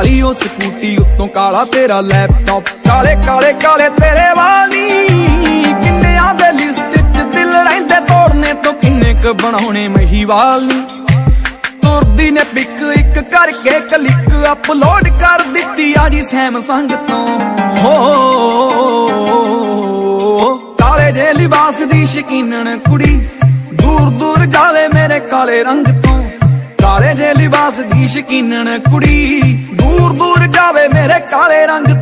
ਕਾਲੀ ਉਹ ਸਕੂਟੀ ਉੱਤੋਂ ਕਾਲਾ ਤੇਰਾ ਲੈਪਟਾਪ ਕਾਲੇ ਕਾਲੇ ਕਾਲੇ ਤੇਰੇ ਵਾਲੀ ਕਿੰਨਿਆਂ ਦੇ ਲਿਸਟ 'ਚ ਦਿਲ ਰਹਿੰਦੇ ਤੋੜਨੇ ਤੋਂ ਕਿੰਨੇ ਕ ਬਣਾਉਣੇ ਮਹੀ ਵਾਲੀ ਤੁਰਦੀ ਨੇ ਪਿੱਕ ਇੱਕ ਕਰਕੇ ਕਲਿੱਕ ਅਪਲੋਡ ਕਰ ਦਿੱਤੀ ਆ ਜੀ ਸੈਮਸੰਗ ਤੋਂ ਹੋ ਕਾਲੇ ਦੇ ਲਿਬਾਸ ਦੀ ਸ਼ਕੀਨਣ ਕੁੜੀ ਦੂਰ ਦੂਰ ਜਾਵੇ ਮੇਰੇ ਕਾਲੇ ਰੰਗ ਤੋਂ ਕਾਲੇ ਦੇ ਲਿਬਾਸ ਦੀ ਸ਼ਕੀਨਣ ਕੁੜੀ ਜਾਵੇ ਮੇਰੇ ਕਾਲੇ ਰੰਗ